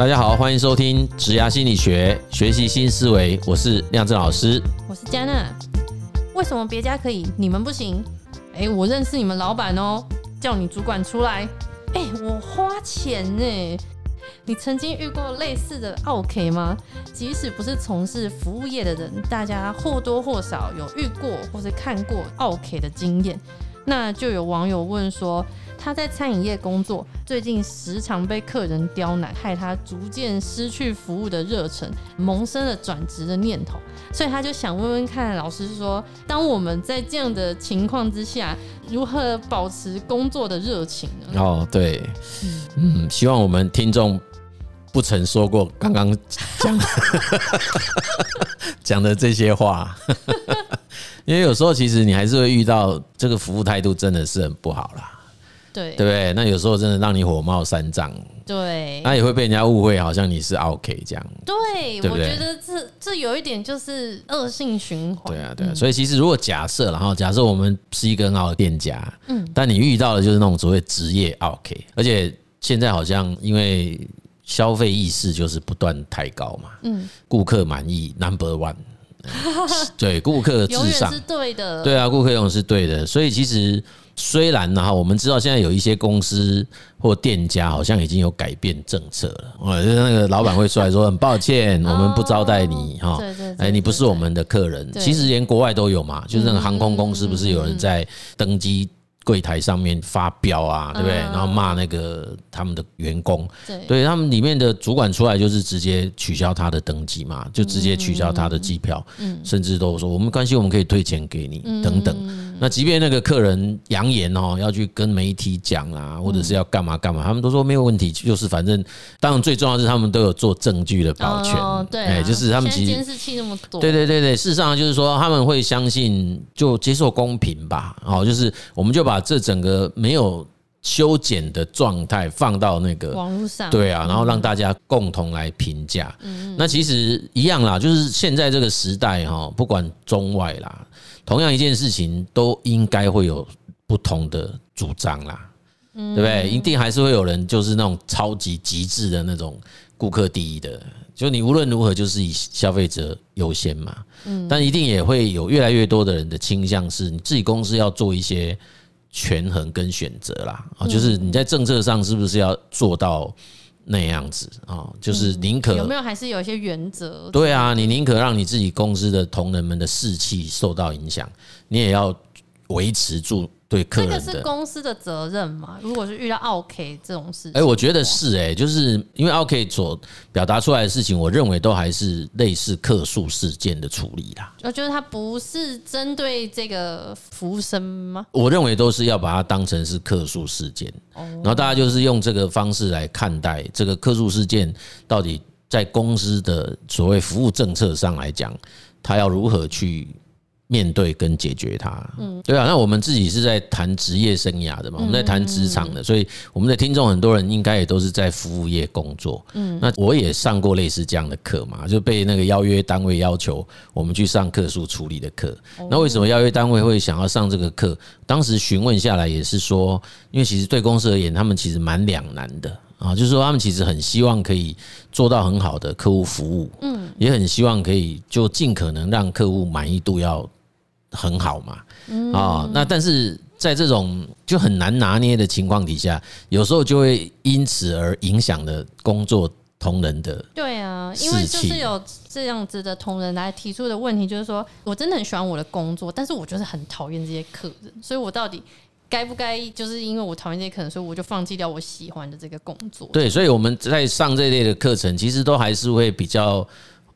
大家好，歡迎收聽《職業心理學》，學習新思維。我是亮震老師，我是嘉那。為什麼別家可以，你們不行？誒，我認識你們老闆哦，叫你主管出來。誒我花錢呢。你曾經遇過類似的奧客嗎？即使不是從事服務業的人，大家或多或少有遇過或者看過奧客的經驗。那就有網友問說。他在餐飲業工作，最近時常被客人刁難，害他逐漸失去服務的熱忱，萌生了轉職的念頭。所以他就想問問看老師說，當我們在這樣的情況之下，如何保持工作的熱情呢？哦，對，嗯，嗯，希望我們聽眾不曾說過剛剛講講的這些話， 因為有時候其實你還是會遇到這個服務態度真的是很不好啦。對，對，對。那有時候真的讓你火冒三丈。對，那也會被人家誤會，好像你是 OK 這樣。對，對，對，我覺得這這有一點就是惡性循環。對啊，對啊。所以其實如果假設，然後假設我們是一個很好的店家，嗯，但你遇到的就是那種所謂職業 OK，而且現在好像因為消費意識就是不斷抬高嘛，嗯，顧客滿意 Number One， 對，顧客至上是對的。對啊，顧客用是對的，所以其實。雖然呢哈，我們知道現在有一些公司或店家好像已經有改變政策了，哦，就是那個老板會出來說很抱歉，我們不招待你哈，哎，你不是我們的客人。其實連國外都有嘛，就是那個航空公司不是有人在登機。櫃檯上面發飆啊，對不對？然後罵那個他們的員工，對，他們裡面的主管出來就是直接取消他的登機，嘛，就直接取消他的機票，甚至都有說沒關係，我們可以退錢給你等等。那即便那個客人揚言哦，要去跟媒體講啊，或者是要幹嘛幹嘛，他們都說沒有問題，就是反正當然最重要的是他們都有做證據的保全，對，就是他們其實監視器那麼多，對對對對，對，事實上就是說他們會相信就接受公平吧，哦，就是我們就把。把這整個沒有修剪的狀態放到那個網絡上，對啊，然後讓大家共同來評價。那其實一樣啦，就是現在這個時代哈，不管中外啦，同樣一件事情都應該會有不同的主張啦，對不對？一定還是會有人就是那種超級極致的那種顧客第一的，就你無論如何就是以消費者優先嘛。但一定也會有越來越多的人的傾向是，你自己公司要做一些。權衡跟選擇啦，啊，就是你在政策上是不是要做到那樣子啊？就是寧可有沒有還是有一些原則？對啊，你寧可讓你自己公司的同仁們的士氣受到影響，你也要。維持住對客人的，欸、這個是公司的責任嗎？如果是遇到奧客這種事，哎，我覺得是哎、欸，就是因為奧客所表達出來的事情，我認為都還是類似客訴事件的處理啦。呃，就是它不是針對這個服務生嗎？我認為都是要把它當成是客訴事件，然後大家就是用這個方式來看待這個客訴事件，到底在公司的所謂服務政策上來講，它要如何去面對跟解決它，嗯，對啊，那我們自己是在談職業生涯的嘛，嗯、我們在談職場的、嗯嗯，所以我們的聽眾很多人應該也都是在服務業工作，嗯，那我也上過類似這樣的課嘛，就被那個邀約單位要求我們去上客訴處理的課。嗯、那為什麼邀約單位會想要上這個課、嗯？當時詢問下來也是說，因為其實對公司而言，他們其實蠻兩難的啊，就是說他們其實很希望可以做到很好的客戶服務，嗯，也很希望可以就盡可能讓客戶滿意度要。很好嘛，嗯啊、哦，那但是在這種就很難拿捏的情況底下，有時候就會因此而影響了工作同仁的士氣，對啊，因為就是有這樣子的同仁來提出的問題，就是說我真的很喜歡我的工作，但是我就是很討厭這些客人，所以我到底該不該就是因為我討厭這些客人，所以我就放棄掉我喜歡的這個工作？對，對所以我們在上這類的課程，其實都還是會比較。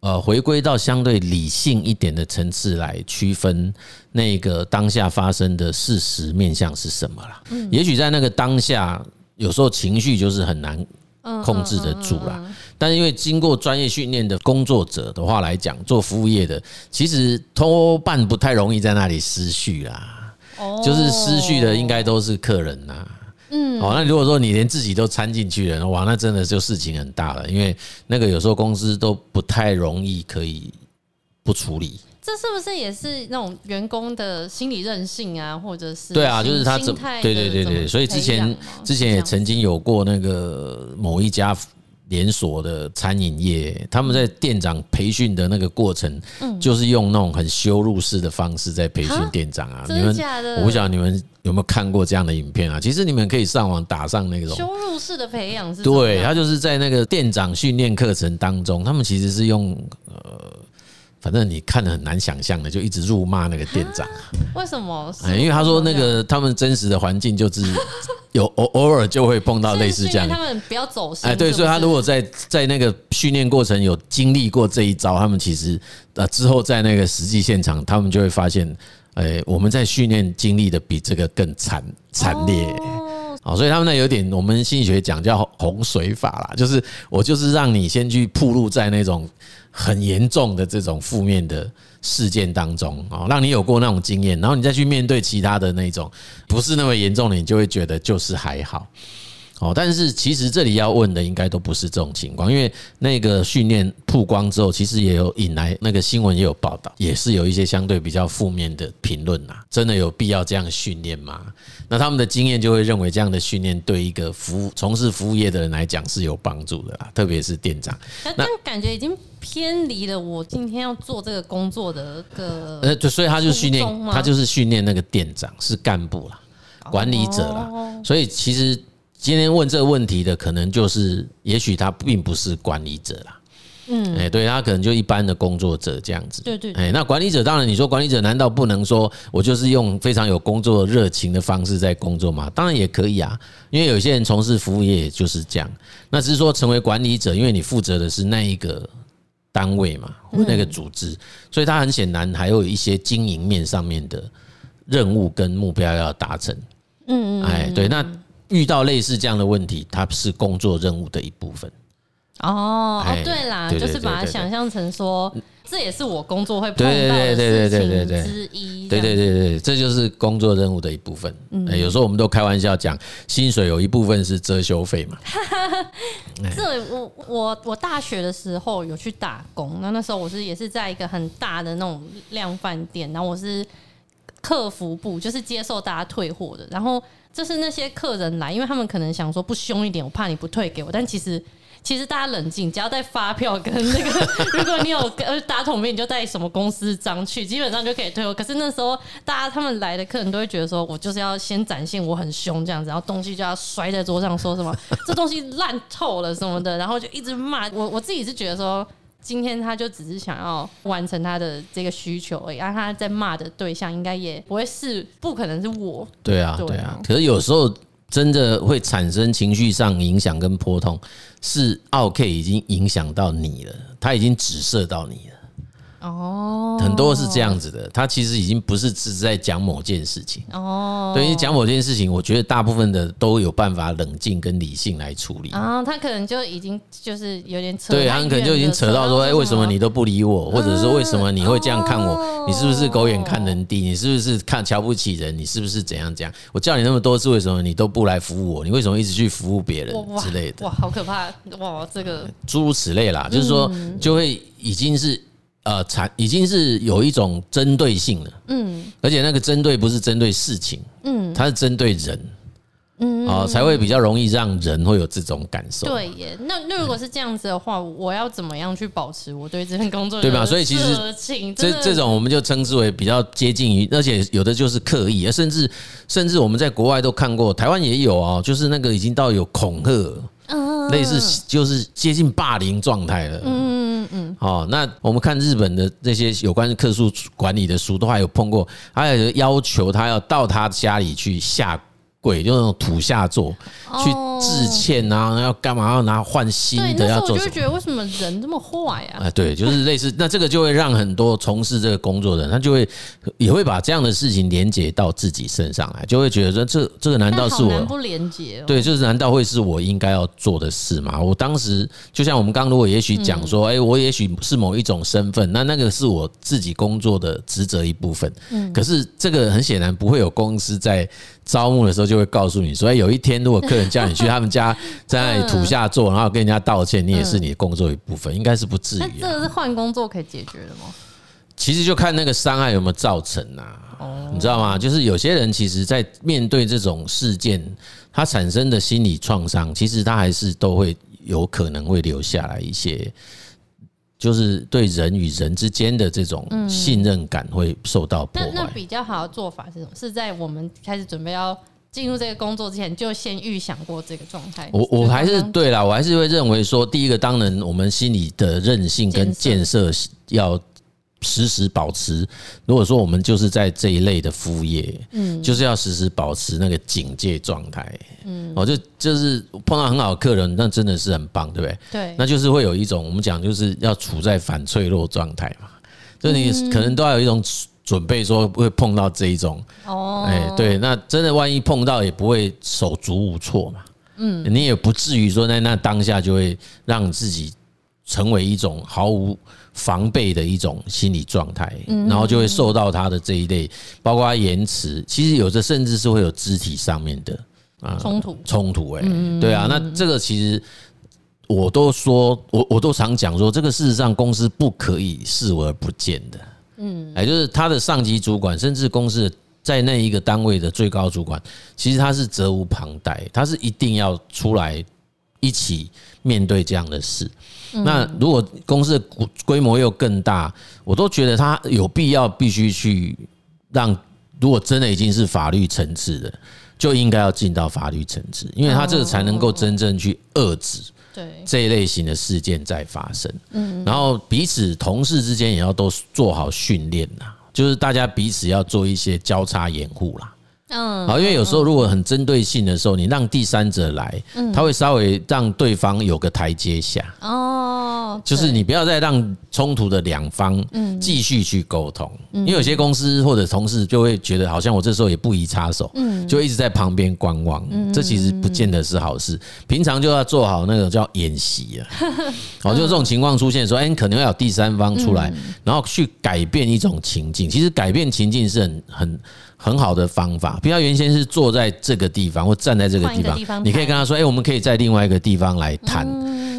呃，回歸到相對理性一點的層次來區分那個當下發生的事實面向是什麼啦。也許在那個當下，有時候情緒就是很難控制得住啦。但是因為經過專業訓練的工作者的話來講，做服務業的其實多半不太容易在那裡失序啦。就是失序的應該都是客人吶。嗯、哦，好，那如果說你連自己都摻進去了，哇，那真的就事情很大了，因為那個有時候公司都不太容易可以不處理。這是不是也是那種員工的心理韌性啊，或者是？對啊，就是他怎麼？對對對對，對，啊，所以之前之前也曾經有過那個某一家。連鎖的餐飲業，他們在店長培訓的那個過程，就是用那種很羞辱式的方式在培訓店長啊！你們，我不曉得你們有沒有看過這樣的影片啊？其實你們可以上網打上那種羞辱式的培養是。對，他就是在那個店長訓練課程當中，他們其實是用呃。反正你看的很難想象的，就一直辱罵那個店長。為什麼？因為他說那個他們真實的環境就是有偶偶爾就會碰到類似這樣的。他們不要走神。哎，對，所以他如果在在那個訓練過程有經歷過這一招，他們其實呃之後在那個實際現場，他們就會發現，哎，我們在訓練經歷的比這個更慘慘烈。哦，所以他們那有點，我們心理學講叫洪水法啦，就是我就是讓你先去暴露在那種很嚴重的這種負面的事件當中，哦，讓你有過那種經驗，然後你再去面對其他的那種不是那麼嚴重的，你就會覺得就是還好。哦，但是其實這裡要問的應該都不是這種情況，因為那個訓練曝光之後，其實也有引來那個新聞也有報道，也是有一些相對比較負面的評論吶。真的有必要這樣訓練嗎？那他們的經驗就會認為這樣的訓練對一個服務、從事服務業的人來講是有幫助的啦，特別是店長。那感覺已經偏離了我今天要做這個工作的個呃，就所以他就訓練，他就是訓練那個店長是幹部啦，管理者啦，所以其實。今天問這個問題的，可能就是，也許他並不是管理者啦，嗯，誒，對他可能就一般的工作者這樣子，對對，誒，那管理者當然，你說管理者難道不能說我就是用非常有工作熱情的方式在工作嗎？當然也可以啊，因為有些人從事服務業就是這樣。那只是說成為管理者，因為你負責的是那一個單位嘛，或那個組織，所以他很顯然還有一些經營面上面的任務跟目標要達成，嗯嗯，誒，對，那。遇到類似這樣的問題，它是工作任務的一部分。哦、oh, oh，對啦，欸、對對對對對對，就是把它想象成說，這也是我工作會碰到的對對對對對對對之一。對，對對對對，這就是工作任務的一部分。哎、嗯欸，有時候我們都開玩笑講，薪水有一部分是遮羞費嘛。 這我我我大學的時候有去打工，那那時候我是也是在一個很大的那種量販店，然後我是。客服部就是接受大家退貨的，然後就是那些客人來，因為他們可能想說不兇一點，我怕你不退給我。但其實其實大家冷靜，只要帶發票跟那個，如果你有呃打統編，你就帶什麼公司章去，基本上就可以退貨。可是那時候大家他們來的客人都會覺得說，我就是要先展現我很兇這樣子，然後東西就要摔在桌上，說什麼這東西爛透了什麼的，然後就一直罵我。我自己是覺得說。今天他就只是想要完成他的這個需求而已。啊，那他在罵的對象應該也不會是，不可能是我。對啊，對啊。啊、可是有時候真的會產生情緒上影響跟波動。是 OK 已經影響到你了，他已經直射到你了。哦、oh,，很多是這樣子的，他其實已經不是只是在講某件事情哦。對於講某件事情，oh, 事情我覺得大部分的都有辦法冷靜跟理性來處理。啊、oh, 他可能就已經就是有點扯，對，他可能就已經扯到說，哎，為什麼你都不理我？Oh, 或者是為什麼你會這樣看我？你是不是狗眼看人低？Oh. 你是不是看瞧不起人？你是不是怎樣怎樣？我叫你那麼多次，為什麼你都不來服務我？你為什麼一直去服務別人之類的？哇、wow, wow,，wow, 好可怕！哇、wow,，這個諸如此類啦、嗯，就是說就會已經是。呃，才已經是有一種針對性了，嗯，而且那個針對不是針對事情，嗯，它是針對人，嗯，啊，才會比較容易讓人會有這種感受。啊。嗯、對耶，那那如果是這樣子的話，我要怎麼樣去保持我對這份工作？對吧？所以其實這這種我們就稱之為比較接近於，而且有的就是刻意，甚至甚至我們在國外都看過，台灣也有哦，就是那個已經到有恐嚇，嗯，類似就是接近霸凌狀態了，嗯。嗯嗯，哦，那我們看日本的那些有關客訴管理的書，都還有碰過，還有要求他要到他家裡去下跪，就那種土下座去、哦。致歉啊，要幹嘛？要拿換新的？要走，時候我就覺得，為什麼人這麼壞呀？啊，對，就是類似，那這個就會讓很多從事這個工作的人，他就會也會把這樣的事情連接到自己身上來，就會覺得說，這這個難道是我？不連接？對，就是難道會是我應該要做的事嗎？我當時就像我們剛如果也許講說，哎，我也許是某一種身份，那那個是我自己工作的職責一部分。嗯，可是這個很顯然不會有公司在招募的時候就會告訴你，所以有一天如果客人叫你去。他們家在土下做，然後跟人家道歉，你也是你的工作一部分，應該是不至於的。那這個是換工作可以解決的嗎？其實就看那個傷害有沒有造成啊。哦，你知道嗎？就是有些人其實，在面對這種事件，他產生的心理創傷，其實他還是都會有可能會留下來一些，就是對人與人之間的這種信任感會受到破壞，嗯。那、嗯、那比較好的做法是什麼？是在我們開始準備要。進入這個工作之前，就先預想過這個狀態。我我還是對啦，我還是會認為說，第一個，當然我們心理的韌性跟建設要時時保持。如果說我們就是在這一類的服務業，嗯，就是要時時保持那個警戒狀態，嗯，哦，就就是碰到很好的客人，那真的是很棒，對不對？對，那就是會有一種我們講就是要處在反脆弱狀態嘛，就你可能都要有一種。準備說會碰到這一種，哎，對，那真的萬一碰到，也不會手足無措嘛。嗯，你也不至於說在那當下就會讓自己成為一種毫無防備的一種心理狀態，然後就會受到他的這一類，包括他言詞，其實有的甚至是會有肢體上面的呃、衝突衝突。哎，對啊，那這個其實我都說我我都常講說，這個事實上公司不可以視而不見的。嗯，也就是他的上級主管，甚至公司的在那一個單位的最高主管，其實他是責無旁貸，他是一定要出來一起面對這樣的事。那如果公司的規模又更大，我都覺得他有必要必須去讓，如果真的已經是法律層次的，就應該要進到法律層次，因為他這個才能夠真正去遏制，這一類型的事件在發生，然後彼此同事之間也要都做好訓練吶，就是大家彼此要做一些交叉掩護啦。嗯，好，因為有時候如果很針對性的時候，你讓第三者來，他會稍微讓對方有個台階下。哦，就是你不要再讓衝突的兩方繼續去溝通，因為有些公司或者同事就會覺得好像我這時候也不宜插手，就一直在旁邊觀望。這其實不見得是好事。平常就要做好那個叫演習啊，哦，就這種情況出現的時候，哎，你可能要有第三方出來，然後去改變一種情境。其實改變情境是很很。很好的方法，不要原先是坐在這個地方或站在這個地方，你可以跟他說：“哎，我們可以在另外一個地方來談。”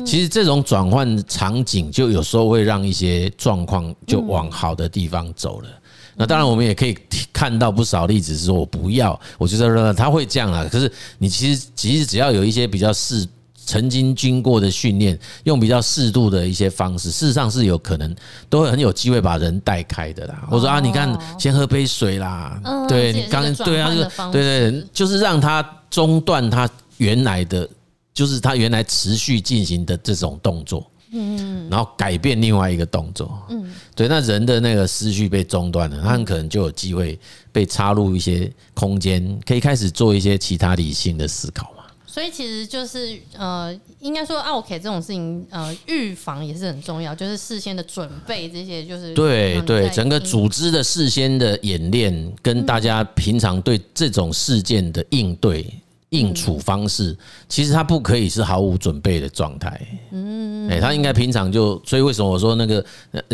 其實這種轉換場景，就有時候會讓一些狀況就往好的地方走了。那當然，我們也可以看到不少例子，是說我不要，我覺得他會這樣啊。可是你其實其實只要有一些比較適。曾經經過的訓練，用比較適度的一些方式，事實上是有可能都會很有機會把人帶開的啦。我說啊，你看，先喝杯水啦。對，你剛剛對啊，就對對，對，就是讓他中斷他原來的就是他原來持續進行的這種動作。嗯嗯嗯。然後改變另外一個動作。嗯。對，那人的那個思緒被中斷了，他很可能就有機會被插入一些空間，可以開始做一些其他理性的思考。所以其實就是呃，應該說奧客這種事情，呃，預防也是很重要，就是事先的準備這些，就是對對，整個組織的事先的演練，跟大家平常對這種事件的應對。嗯嗯應處方式，其實他不可以是毫無準備的狀態。嗯，哎，他應該平常就，所以為什麼我說那個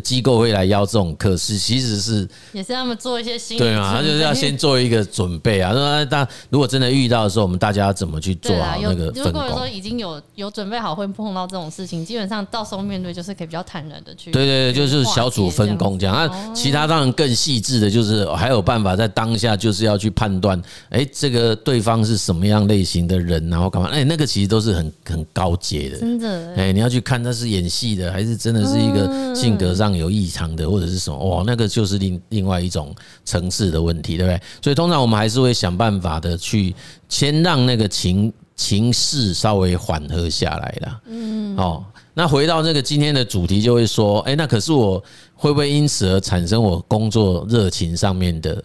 機構會來邀這種課，是其實是也是他們做一些新，對啊，他就是要先做一個準備啊。那那如果真的遇到的時候，我們大家要怎麼去做好，那個如果說已經有有準備好會碰到這種事情，基本上到時候面對就是可以比較坦然的去。對對，就是小組分工這樣啊。那其他當然更細緻的，就是還有辦法在當下就是要去判斷，哎，這個對方是什麼樣。類型的人，然後幹嘛？哎，那個其實都是很很高階的，真的。哎，你要去看他是演戲的，還是真的是一個性格上有異常的，或者是什麼？哦，那個就是另另外一種層次的問題，對不對？所以通常我們還是會想辦法的去先讓那個情情勢稍微緩和下來啦。嗯，好，那回到這個今天的主題，就會說，哎，那可是我會不會因此而產生我工作熱情上面的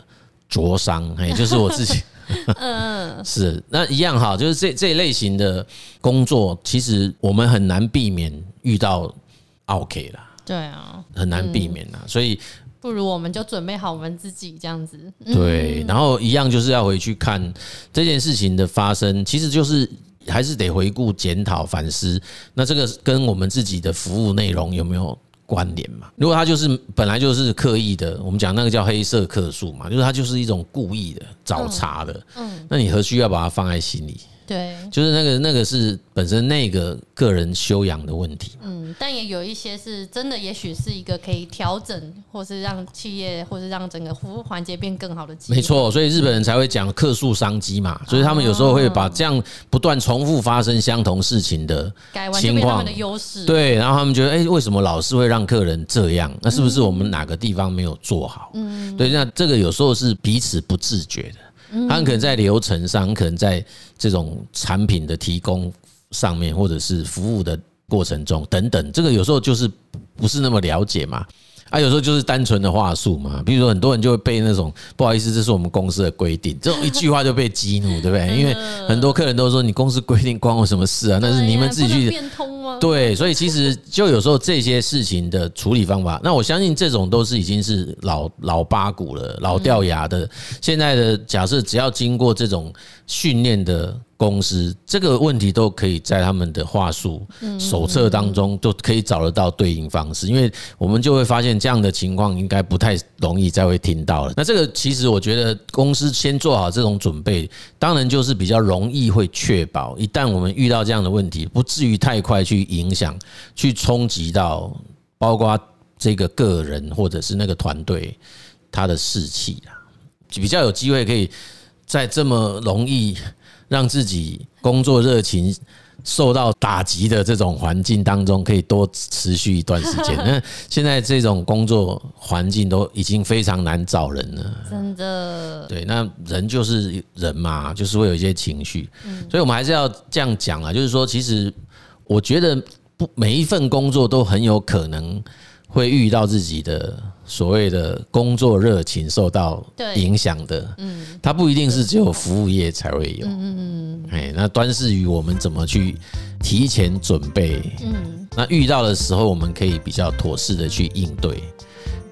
灼傷？哎，就是我自己。 嗯， 是那一樣哈，就是這這一類型的工作，其實我們很難避免遇到 OK 啦。對啊，很難避免啦。嗯、所以不如我們就準備好我們自己這樣子。對，然後一樣就是要回去看這件事情的發生，其實就是還是得回顧、檢討、反思。那這個跟我們自己的服務內容有沒有關聯嘛，如果他就是本來就是刻意的，我們講那個叫黑色客訴嘛，就是他就是一種故意的、找茬的，嗯，那你何需要把它放在心裡？對，就是那個那個是本身那個個人修養的問題。嗯，但也有一些是真的，也許是一個可以調整，或是讓企業，或是讓整個服務環節變更好的機會。沒錯，所以日本人才會講客訴商機嘛，所以他們有時候會把這樣不斷重複發生相同事情的情況，改為他們的優勢。對，然後他們覺得，哎，為什麼老是會讓客人這樣？那是不是我們哪個地方沒有做好？嗯，對，那這個有時候是彼此不自覺的，他們可能在流程上，可能在。這種產品的提供上面，或者是服務的過程中等等，這個有時候就是不是那麼了解嘛。啊，有時候就是單純的話術嘛，比如說很多人就會被那種不好意思，這是我們公司的規定，這種一句話就被激怒，對不對？因為很多客人都說你公司規定關我什麼事啊？那是你們自己去變通嗎？對，所以其實就有時候這些事情的處理方法，那我相信這種都是已經是老老八股了，老掉牙的。現在的假設只要經過這種訓練的。公司這個問題都可以在他們的話術手冊當中都可以找得到對應方式，因為我們就會發現這樣的情況應該不太容易再會聽到了。那這個其實我覺得公司先做好這種準備，當然就是比較容易會確保，一旦我們遇到這樣的問題，不至於太快去影響、去衝擊到，包括這個個人或者是那個團隊他的士氣啊，就比較有機會可以在這麼容易讓自己工作熱情受到打擊的這種環境當中，可以多持續一段時間。那現在這種工作環境都已經非常難找人了，真的。對，那人就是人嘛，就是會有一些情緒。所以我們還是要這樣講啊，就是說，其實我覺得不每一份工作都很有可能。會遇到自己的所謂的工作熱情受到影響的。它不一定是只有服務業才會有，嗯嗯，誒,那端視於我們怎麼去提前準備，嗯，那遇到的時候我們可以比較妥適的去應對。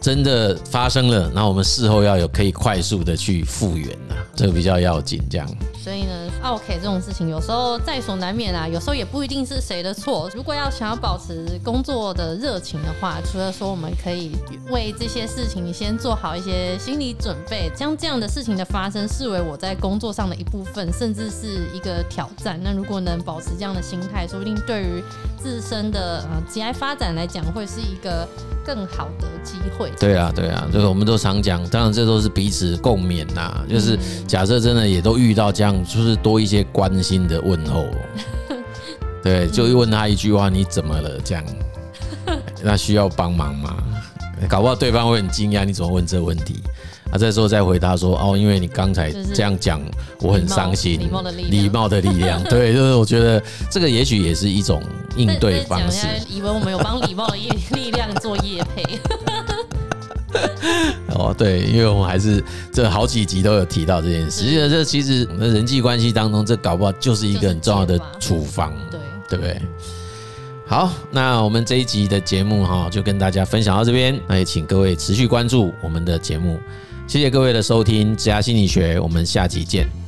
真的發生了，那我們事後要有可以快速的去復原啊，這個比較要緊，這樣。所以呢，奧客這種事情有時候在所難免啊，有時候也不一定是誰的錯。如果要想要保持工作的熱情的話，除了說我們可以為這些事情先做好一些心理準備，將這樣的事情的發生視為我在工作上的一部分，甚至是一個挑戰。那如果能保持這樣的心態，說不定對於自身的呃職涯發展來講，會是一個更好的機會。對啊，對啊，就是我們都常講，當然這都是彼此共勉啊，就是假設真的也都遇到這樣，就是多一些關心的問候。嗯、對，就問他一句話：“你怎麼了？”這樣，那需要幫忙嗎？搞不好對方會很驚訝，你怎麼問這個問題？啊，再說再回答說，哦，因為你剛才這樣講，就是、我很傷心。禮貌的力量，對，就是我覺得這個也許也是一種應對方式。以為我們有幫禮貌的力力量做業配。 哦，對，因為我們還是這好幾集都有提到這件事，其實這其實我們的人際關係當中，這搞不好就是一個很重要的處方，就是。對對。好，那我們這一集的節目哈，就跟大家分享到這邊，那也請各位持續關注我們的節目。謝謝各位的收聽《職涯心理學》，我們下集見。